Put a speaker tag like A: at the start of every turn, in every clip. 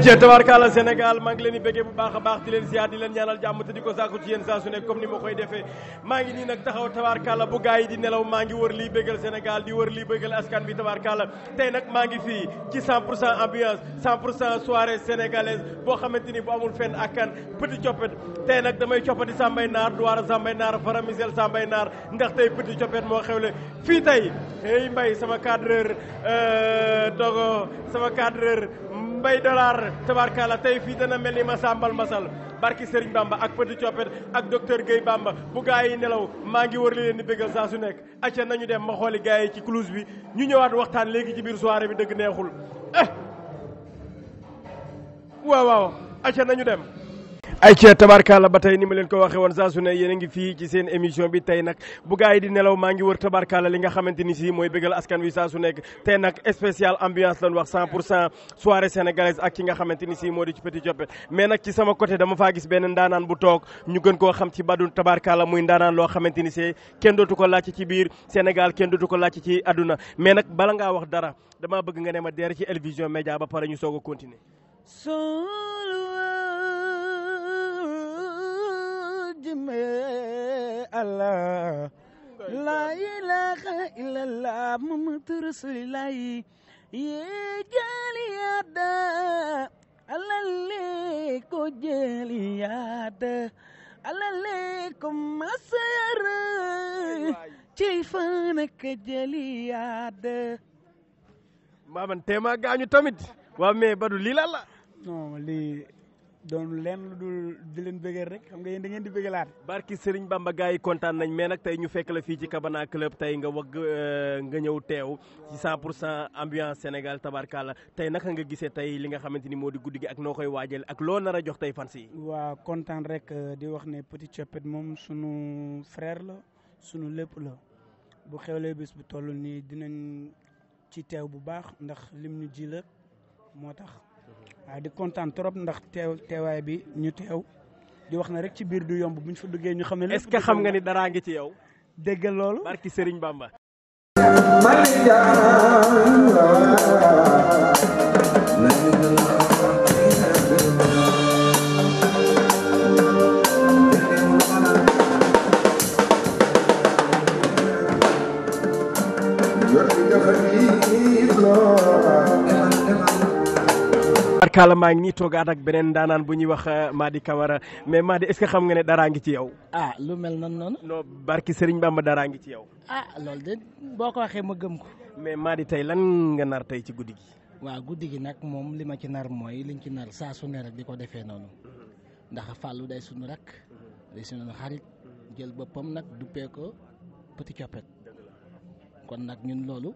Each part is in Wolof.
A: acca tabarkalla Sénégal maa ngi leen di bëggee bu baax baax di leen ziar di leen ñaanal jàmm te ko sàkku ci yéen saa su nekk comme ni ma koy defee maa ngi nii nag taxaw bu gars yi di nelaw maa ngi wër liy bëggal Sénégal di wër liy bëggal askan bi tabarkalla tey nag maa ngi fii ci 100 pour cent ambiance 100 pour cent soirée sénégalaise boo xamante ni bu amul fenn akkan petit coppet tey nag damay coppati sambay naar duwaara sambay naar faramisel sambay naar ndax tey petit coppet moo xewle fii tey hey mbay sama cadreur euh, dogo sama cadreur mbay dollar tabarkalla tay fi dana melni ma sambal masal barki Serigne Bamba ak Petit chopet ak docteur gey Bamba bu gaay yi nelaw ma ngi wër li leen di béggal sa su nek acca nañu dem ma xoli gaay yi ci clouse bi ñu ñëwaat waxtaan legi ci biir soirée bi deug neexul eh waaw waaw acca nañu dem ay ca tabarkalla ba tey ni ma leen ko waxee woon saa su ne yéen ngi fii ci seen émission bi tey nag bu gaa di nelaw maa ngi war wër tabarkalla li nga xamante ni si mooy bégal askan wi saa su nekk tey nag spécial ambiance lañ wax 100 pour cent soirée sénégalaise ak ki nga xamante ni si moo di ci Petit Coppet mais nag ci sama côté dama faa gis benn ndaanaan bu toog ñu gën koo xam ci badu tabarkalla muy ndaanaan loo xamante ni si kenn dootu ko laajte ci biir Sénégal kenn dootu ko laajte ci àdduna mais nag bala ngaa wax dara damaa bëgg nga ne ma deer ci El Média ba pare ñu soog a continuer
B: jëme
C: Allah la ilaha illallah muhammadu rasulillah ye jaliyada alale ko jaliyada alale ko masar
A: ceyfanak jaliyada maman tema gaañu tamit waa mais badu lii la la lii doon leen lu dul di leen bëggal rek xam nga yéen da ngeen di barki Serigne Bamba nañ ñu fekk la ci Kabana club nga euh, nga ci 100 ambiance Sénégal tabarkalla tey naka nga gisee tey li nga xamante ni moo ak noo ak jox rek euh, di wax ne Petit Thiopete sunu frère la sunu lépp la bu xewlee bis bu toll nii dinañ ci teew bu baax ndax lim ñu ada di terap trop ndax teew bi ñu tew di wax na rek ci bir du yomb buñ fa duggé ñu xamé est-ce xam nga ni dara nga ci yow déggal barki Serigne Bamba tubarkala ma ngi nii toog ak beneen daanaan bu wax eh, madi kawara mais madi est-ce xam nga ne dara ngi ci yow.
C: ah lu mel non non non
A: barki Serigne Bamba dara ngi ci
C: yow. ah lol de boko waxe ma gem ko. mais
A: madi tay lan nga nar tay ci guddi gi.
C: waaw guddi gi nag ci nar moy liñ ci nar sa su ne rek mm-hmm. ndax fallu day sunu rak mm-hmm. day sunu xarit mm-hmm. jël dupeko nak duppee ko Petit chapet kon nak ñun sun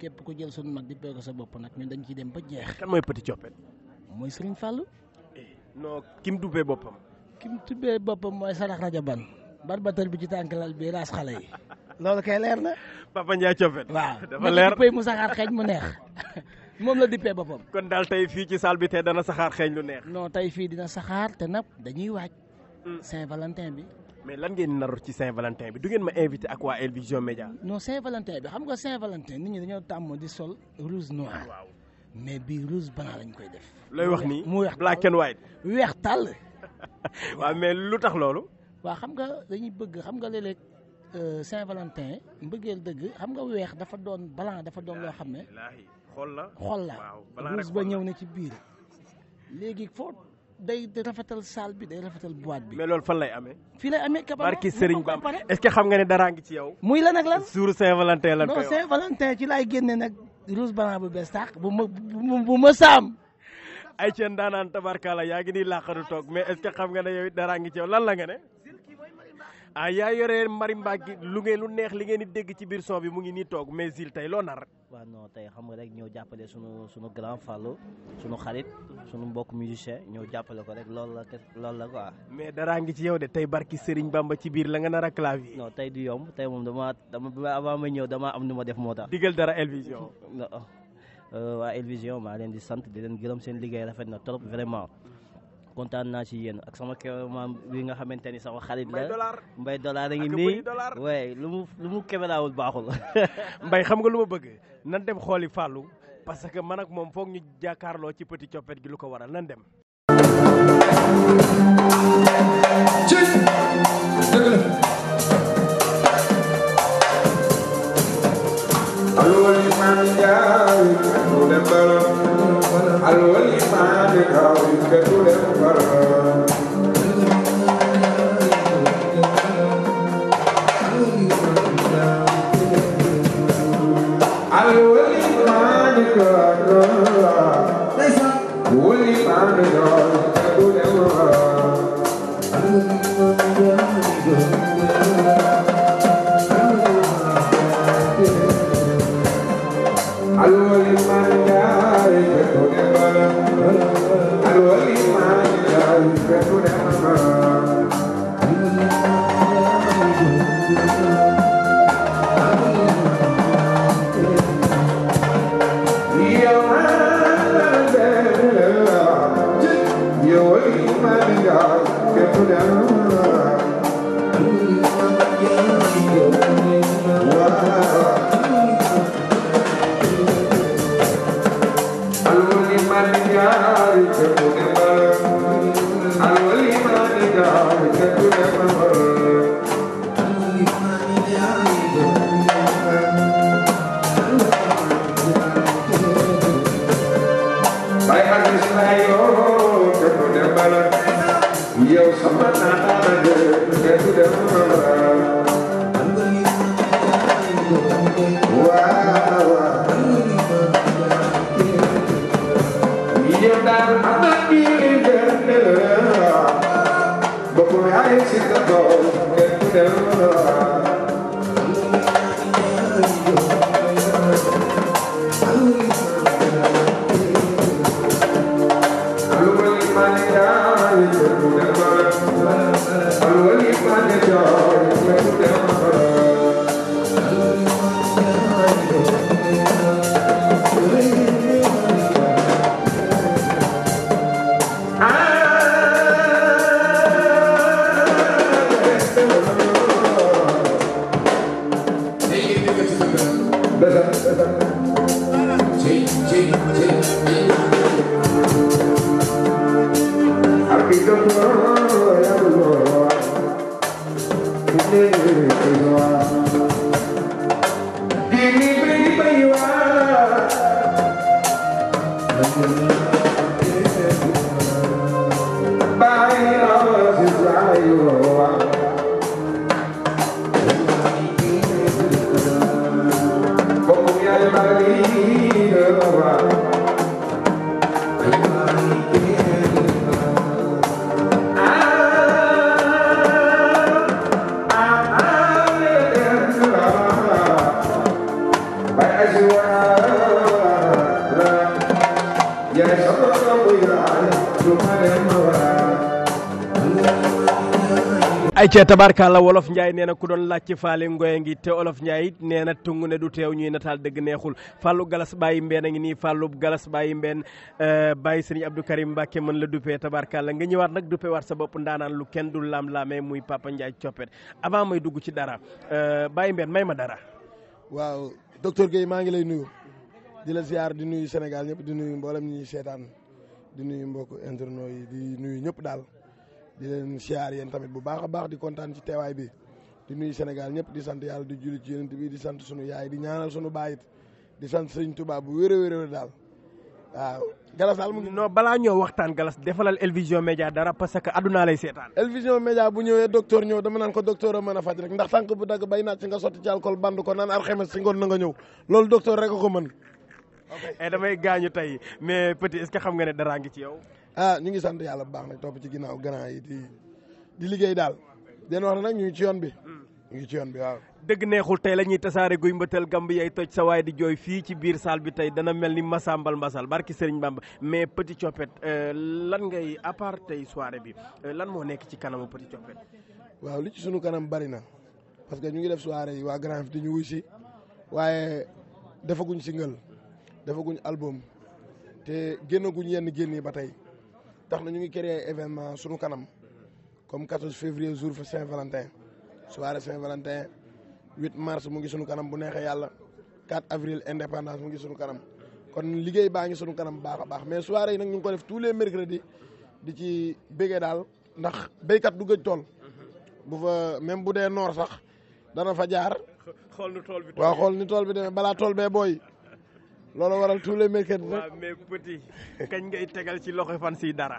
C: képp ku jël sunu mag di ko sa bop nak ñun dañ ci dem ba jeex. kan
B: moy Petit chopet
C: mooy Serigne Fallou. non kim dubbee boppam. kim dubbee boppam mooy sarax rajo ban barbatar bi ci tànk lal
A: bi raas xale yi
C: loolu kay leer na.
A: Papa Ndiaye Thiofet. waaw dafa leer
C: mu mu saxaar xeeñ mu neex
A: moom la dippee boppam. kon daal tey fii ci salle bi tey dana saxaar xeeñ lu neex. non tey
C: fii dina saxaar te nag dañuy waaj. Hmm. Saint-Valentin bi.
A: mais lan ngeen nar ci Saint-Valentin bi du ngeen ma invité ak waa El Vision Média.
C: non Saint-Valentin bi xam nga Saint-Valentin nit ñi dañoo tàmm di sol
A: mais bii rose banaa lañ koy def. looy wax nii mu weex black and white. weex tàll. waaw mais lu tax loolu.
C: waa xam nga dañuy bëgg xam nga léeg-léeg euh, Saint-Valentin mbëggeel dëgg xam nga weex dafa doon balan dafa doon loo xam ne.
A: xool na xool la rose
C: ba ñëw na ci biir léegi foo. day rafetal salle bi day rafetal boîte bi. mais loolu fan lay ame fii lay amee Kabara barki Serigne Bamba est
A: xam nga ne daraa ngi ci yow. muy la nag lan. suur Saint-Valentin lan koy wax non
C: Saint-Valentin ci laay génne nag rouge blanc bu bees tàq bu ma bu ma saam.
A: ay ceen daanaan tabarkaala yaa ngi nii làqatu toog mais est ce que xam nga ne yow daraa ngi ci yow lan la nga ah yaa yore mari mbaggi lu lu neex li ngeen di dégg ci biir son bi mu ngi nii toog mais Zil tey loo nar.
C: waaw non tey xam
A: nga rek ñëw jàppale sunu sunu grand fallo sunu xarit sunu mbokk musicien ñëw jàppale ko rek loolu la loolu la quoi. mais daraa ngi ci yow de tey barki Serigne Bamba ci biir la nga nar a clavier. non tey du yomb tey moom dama dama avant ma ñëw dama am nu ma def moo tax. digal dara Elvision. Euh, waa Elvision maa leen di sant di leen gërëm seen liggéey rafet na trop vraiment. kontaan naa ci yéen ak sama cameraman bi nga xamante sama xarit la mbay dollar ngi nii way lu mu lu mu baaxul mbay xam nga lu ma bëgg nan dem xooli fàllu parce que man ak moom foog ñu jàkkaarloo ci petit coppet gi lu ko waral nan dem
D: alwali Gracias.
A: acca tabarkalla wolof ndiaye nee na ku doon laaj ci faali ngi te olof ndiaye nee na tungu ne du teew ñuy nataal dëgg neexul fàllu galas bàyyi mbeen ngi nii fàllu galas bàyyi mbeen eh, bàyyi sëriñ abdou karim mbàkke mën la dupee tabarkalla nga ñëwaat nag dupee waat sa bopp ndaanaan lu kenn du laam-laamee muy papa ndiaye coppet avant may dugg ci dara eh, bàyyi mbeen may ma dara
E: waaw docteur Gueye maa ngi lay nuyu di la ziar di nuyu sénégal ñëpp di nuyu mboolem ñi seetaan di nuyu mbokk internet yi di nuyu ñëpp daal di leen siyaar yeen tamit bu baax a baax di kontaan ci teewaay bi di nuyu Sénégal ñëpp di sant yàlla di julli ci yonent bi di sant sunu yaay di ñaanal sunu baayit di sant serigne touba bu wér a wér daal waaw
A: galas daal mu ngi non balaa ñoo waxtaan galas defalal Elvision media dara parce que aduna lay seetaan
E: Elvision media bu ñëwee docteur ñëw dama naan ko docteur a mën a faj rek ndax tànk bu dagg bay naat ci nga sotti ci alcool band ko naan alxemes si ngoon na nga ñëw loolu docteur rek a ko mën
A: eh, damay gaañu tey mais petit est-ce que xam nga ne dara ngi ci yow
E: ah ñu ngi sant yàlla bu baax na topp ci ginnaaw grand yi di di liggéey daal den wax nag ñu ngi ci yoon bi ñu bi waaw
A: dëgg neexul tey la ñuy tasaare guy mbëtal gamb yay toj sa waaye di jooy fii ci biir salle bi tey dana mel ni masambal mbasal barki Serigne Bamba mais Petit Thiopete euh, lan ngay à tey soirée bi euh, lan moo nekk ci kanamu Petit
E: waaw li ci sunu kanam bari na parce que ñu ngi def soirée yi waa grand fi di ñu wuy si waaye defaguñ single defaguñ album te génnaguñ yenn génn yi ba tey tax na ñu ngi créer événement suñu kanam comme 14 février jour fa Saint-Valentin soirée Saint-Valentin 8 mars mu ngi suñu kanam bu neexee yàlla 4 avril indépendance mu ngi suñu kanam kon liggéey baa ngi suñu kanam baax a baax mais soirée yi nag ñu ko def tous les mercredis di ci béggee daal ndax béykat du gëj tool bu fa même bu dee noor sax dana fa jaar.
A: xool nu tool bi waaw xool
E: ni tool bi demee balaa tool bee booy. loolu waral tous les mercredis nag
A: waaw mais kañ ngay tegal ci loxo fan si dara.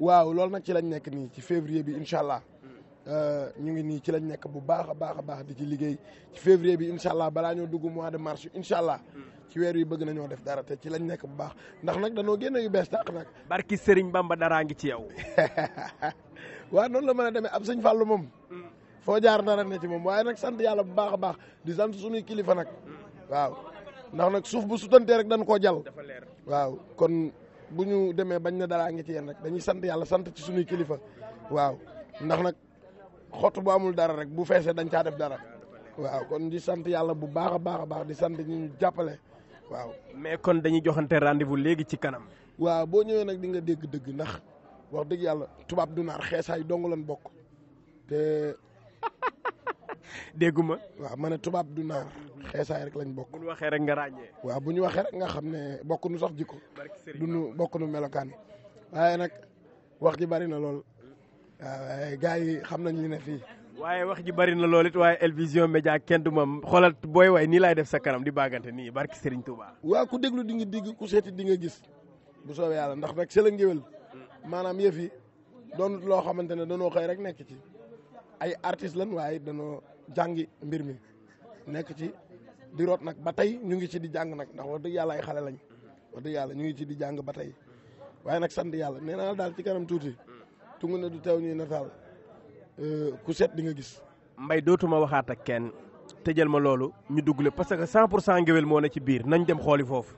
E: waaw loolu nag ci lañ nekk nii ci février bi incha allah hmm. euh, ñu ngi nii ci lañ nekk bu baax a baax a baax di ci liggéey ci février bi incha allah balaa ñoo dugg mois de mars incha allah hmm. ci weer yi bëgg nañoo def dara te ci lañ nekk bu baax ndax nag danoo génne yu bees tàq nag. barki Serigne Bamba daraa ngi ci yow. waa noonu la mën a demee ab sëñ Fallou moom. Hmm. foo jaar dara ne ci moom waaye nag sant yàlla bu baax a baax di sant suñuy kilifa nag waaw. ndax nag suuf bu sutantee rek dañ koo jàll waaw kon bu ñu demee bañ na dalaa ngi ci yenn rek dañuy sant yàlla sant ci suñuy kilifa waaw ndax nag xott bu amul dara rek bu feesee dañ caa def dara waaw kon di sant yàlla bu baax a baax a baax di sant ñi ñu jàppale waaw.
A: mais kon dañuy joxante rendez-vous léegi ci kanam.
E: waaw boo ñëwee nag dinga nga dégg dëgg ndax wax dëgg yàlla tubaab du naar xeesaay dong lan bokk dégguma waaw ma ne tubaab du naar xeesaay rek lañ bokk.
A: bu waxee rek nga ràññee.
E: waaw bu ñu waxee rek nga xam ne bokk nu sax jikko. du nu bokk nu melokaan waaye nag wax ji bari na lool gaa yi xam nañ li ne fii.
A: waaye wax ji bari na lool it waaye El Vision kenn du ma xoolal booy waay nii laay def sa kanam di baagante nii barki Serigne Touba.
E: waaw ku déglu di nga digg ku seeti di nga gis bu soobee yàlla ndax nag sëla ngéwél maanaam yëf yi doonut loo xamante ne danoo xëy rek nekk ci jàngi mbir mi nekk ci di root nag ba tey ñu ngi ci di jàng nag ndax wax dëgg yàlla ay xale lañ wax dëgg yàlla ñu ngi ci di jàng ba tey waaye nag sant yàlla nee naa daal ci kanam tuuti tungu ne du teew ñuy nataal euh, ku set di nga gis.
A: mbay dootuma waxaat ak kenn tëjal ma loolu ñu dugle parce que 100 pour cent ngéwél moo ne ci biir nañ dem xooli foofu.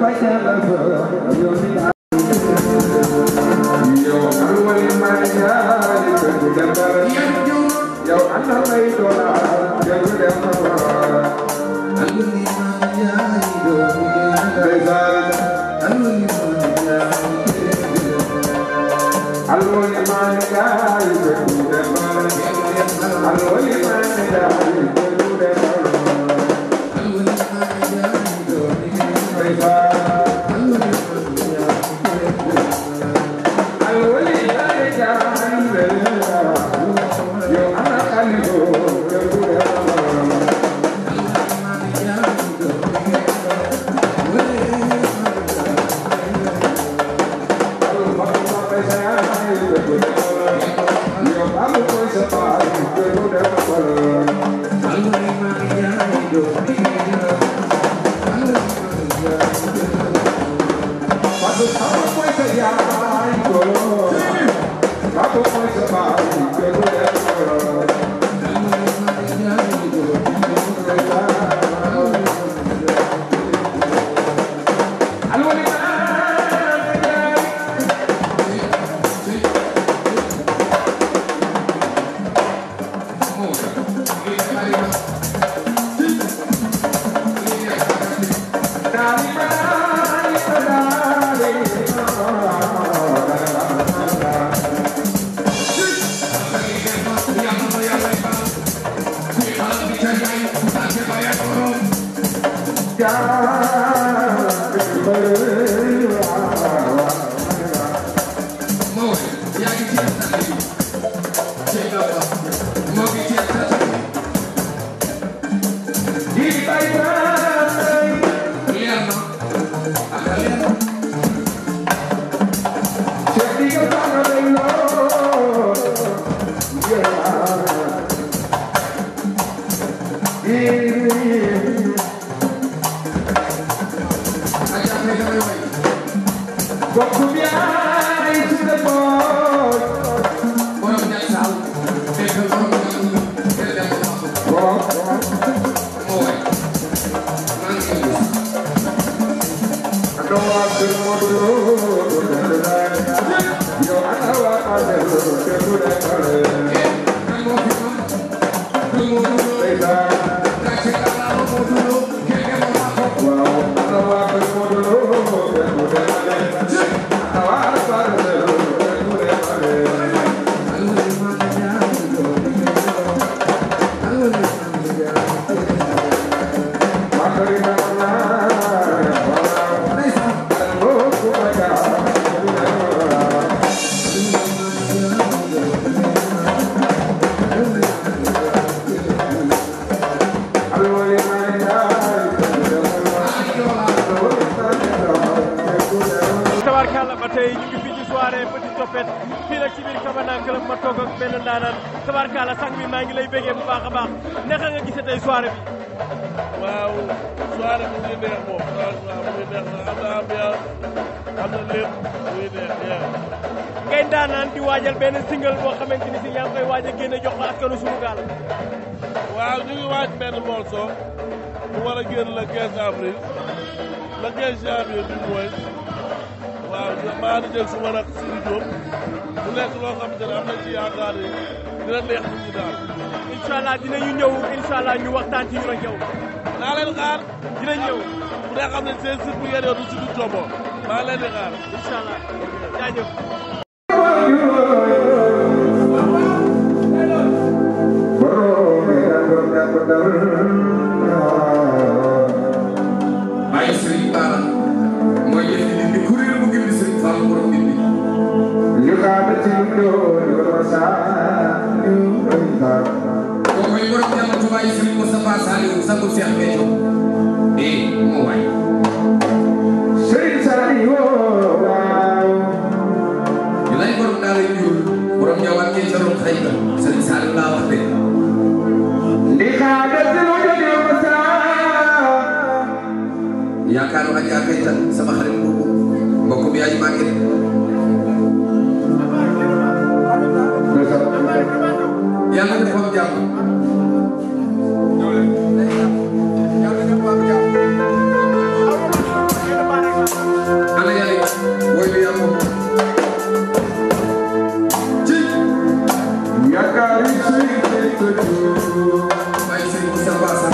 B: right my you're my you're my you're my you're
D: ndaanaan di waajal benn single boo xamante ni si yaa ngi koy waaj a génne jox ko askanu sunu gaal. waaw ngi waaj benn morceau bu war a génn le 15 avril le 15 janvier bi mooy waaw maa ngi jël su ma nag Sidi Diop bu nekk loo xamante a am nañ ci yaakaar ni dina neex nit ñi daal. incha allah dinañu ñëw incha allah ñu waxtaan ci ñu ak yow. leen xaar. dinañ ñëw bu dee xam ne seen site bu ngeen yor du Sidi Diop maa leen di xaar. incha allah jaajëf.
B: Bapak Yusri Mustafa
D: Salim satu siap kejo di mulai Sering sario
C: nilai kurang dari yul
A: kurang nyawa ke cerung kaitan sering sario lawat deh
B: Dikadat
D: dulu
A: Ya kalau aja kaitan sama hari buku Buku biaya makin
B: Yang ada pemjamu Mas se você passar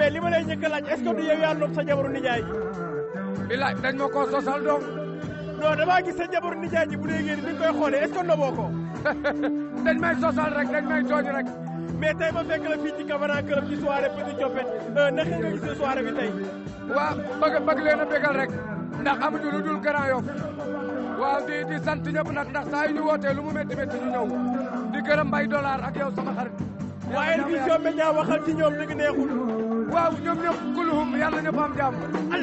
D: mais li ma lay njëkk a laaj est sa jabaru nijaay ji. bi laaj dañ ma koo sosal doom. non damaa gis sa jabaru nijaay ji bu dee ngeen ni koy xoolee est-ce que noboo ko. dañ may sosal rek dañ may tooñ rek. mais tey ma fekk la fii ci Kabana Club ci soirée Petit Coppet euh, naka nga bi tey. waaw bëgg bëgg leen a bégal rek ndax amuñu lu dul Grand Yoff waaw di di sant ñëpp nag ndax saa yu ñu wootee lu mu métti métti ñu ñëw di gërëm mbay dollar ak yow sama waaw ñoom ñëpp kulluhum yàlla ñëpp am jàmm al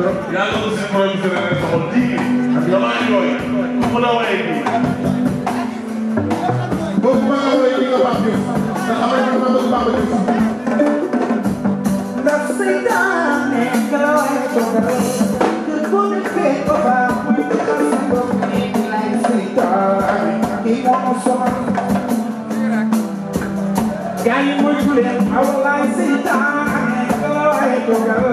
E: yàlla ko si borom si rek soxal diine
B: ak yamaa yooyu ku mun a waye nii. boobu maa ngi lay dégg Pape Diouf nga xam ne dama bëgg Pape Diouf. ndax seytaane nga la waxee ko dara te bu nekkee ba baax muy defar si bopp nekk lay seytaane kii moo sonal. gars yi moytu leen aw laay seytaane Thank you.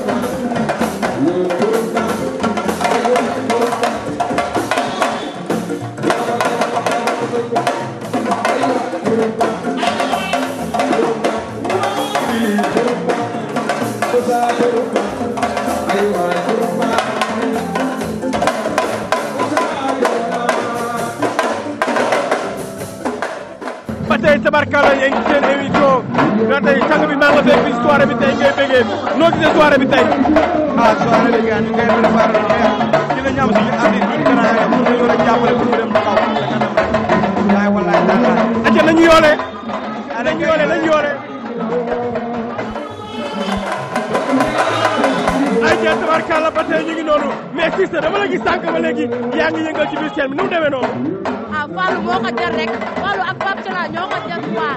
D: gisee soirée bi tey. ah soirée bi gars ñu ngi koy préparé ñu ngi ñam suñu artiste ñun gannaaw yi pour ñu war a jàppale pour mu dem ba kaw la kanam rek. waaye walaay dara. acca nañu yoolee. ah nañu yoolee nañu yoolee. ayca tabarkàlla ba tey ñu ngi noonu mais Cissé dama la gis sànq ba léegi yaa ngi yëngal ci biir scène bi nu mu demee noonu.
C: ah Fallou moo ko jar rek Fallou ak Pape Thiala ñoo ko jar quoi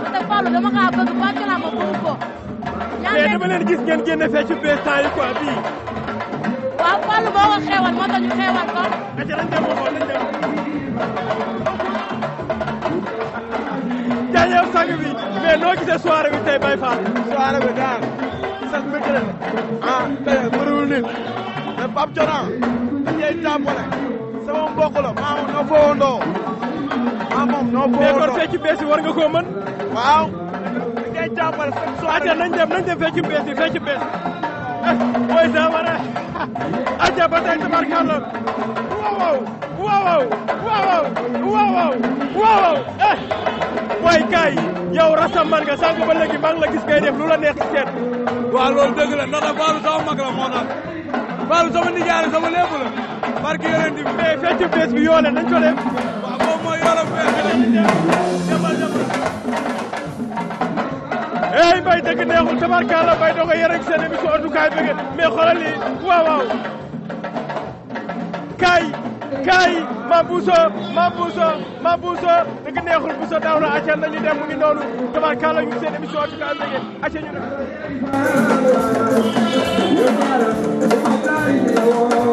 C: parce que Fallou dama kaa bëgg Pape Thiala ma bëgg ko.
D: mais dama leen gis ngeen génne fee ci paysan yi quoi bii. waaw Fallou bi mais noo gisee soirée bi tey Baye Fall. bi daal sax mbégte la ah tey mënul nit mais Pape Coran dañ lay tàmbale sama mbokk la maa moom noo foowandoo maa moom noo foowandoo mais fee ci bees war nga koo waaw. aca a dem nañ dem fecc bees yi fecc bees mooy eh, Saamara aca ba tey tabarkàlla waaw waaw waaw waaw waaw mooy eh, kaay yow rasaman nga sànq ba léegi maa ngi la gis ngay def lu la neex ci seet loolu dëgg la ndax Fallou sama mag la moo tax Fallou sama nijaay la barki yeneen di fecc bees bi yoole nañ ey mbay dëgg neexul tabarkalla mbay doo ko yore ak seen émission Oddukaay bëgg mais xoolal lii waaw waaw kaay kaay buuso ma buuso ma buuso dëgg neexul buuso daaw la acca nañu dem mu ngi noonu tabarkalla ñu seen émission Oddukaay bëgg acca ñu def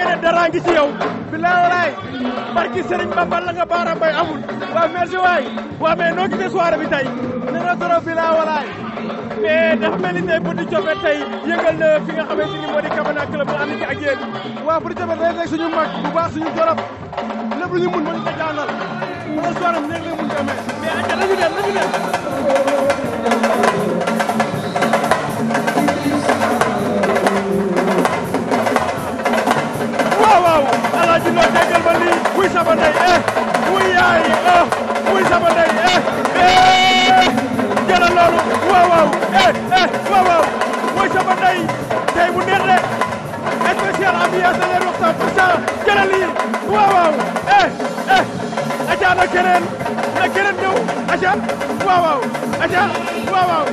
D: nga ne dara ngi ci yow bilaay walaay barki Serigne Bamba la nga baara bay amul waaw merci waay waaw mais noo gisee soirée bi tey ne na trop bilaay walaay mais eh, dafa mel ni tey Bouty fi nga xamante ni moo di Kabana club la ànd ci ak yéen waaw Bouty Thiopete day nekk suñu mag bu baax suñu torop lépp lu ma ñu jaanal wala soirée bi nekk la mun ko nañu dem nañu dem Martino déggal ma lii muy sama ndey eh yaay eh muy sama ndey eh loolu waaw waaw eh eh waaw waaw tey bu neex de spécial ambiance da ngeen waxtaan pour ça jëlal lii waaw waaw eh eh na keneen na keneen ñëw aca waaw waaw aca waaw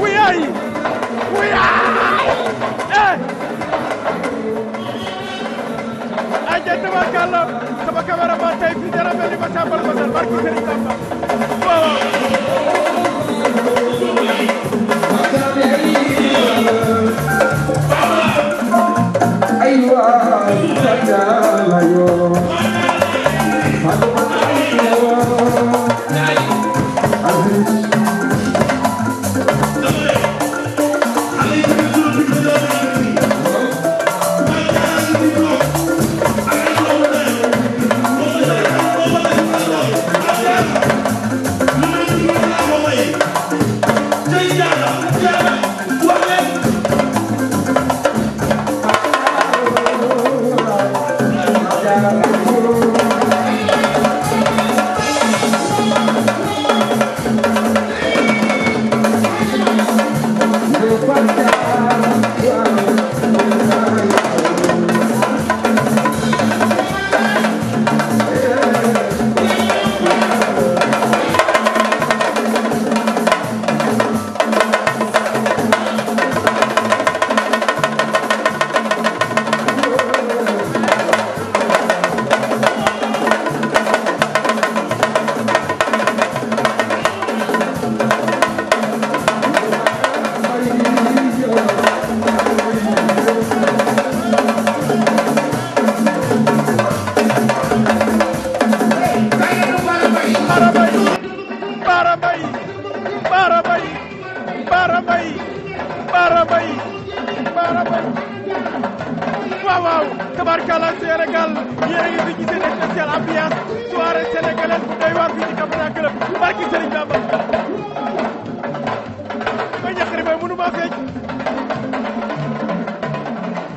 D: waaw yaay ay ja tabarkàlla sama cameraman tey fii dara mel ni ma tàmbal ma sal barki Serigne Tamba waaw.
B: aywa.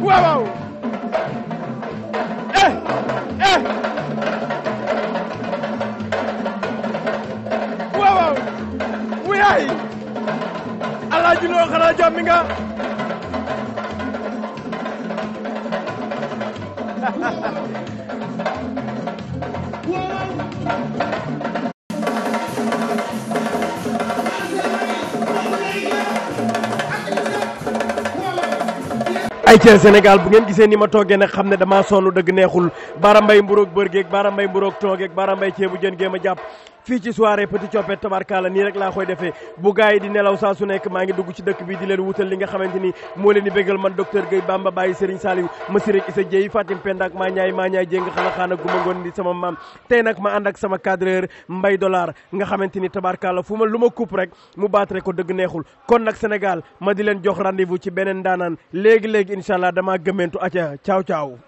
B: waaw waaw eh eh waaw waaw wuyaay alaaji noo xanaa nga
A: ay ca Sénégal bu ngeen gisee ni ma toogee nag xam ne damaa sonn dëgg neexul baara mbay mburoog bërgeeg baara mbay mburoog toogeeg bara mbay ceebu jën géem a jàpp fii ci soirée Petit Coppet tabarkaala nii rek laa koy defee bu gars yi di nelaw saa su nekk maa ngi dugg ci dëkk bi di leen wutal li nga xamante ni moo leen di bégal man docteur Guèye Bamba Baye Serigne Saliou Massirek Issa Dieye Fatim Pendak maa ñaay maa ñaay jéng xana xaana guma ngoon sama maam tey nag ma ànd ak sama cadreur Mbay Dollar nga xamante ni tabarkaala fu ma lu ma kupp rek mu baatre ko dëgg neexul kon nag Sénégal ma di leen jox rendez-vous ci beneen daanaan léegi-léegi incha allah damaa gëmmentu aca caaw caaw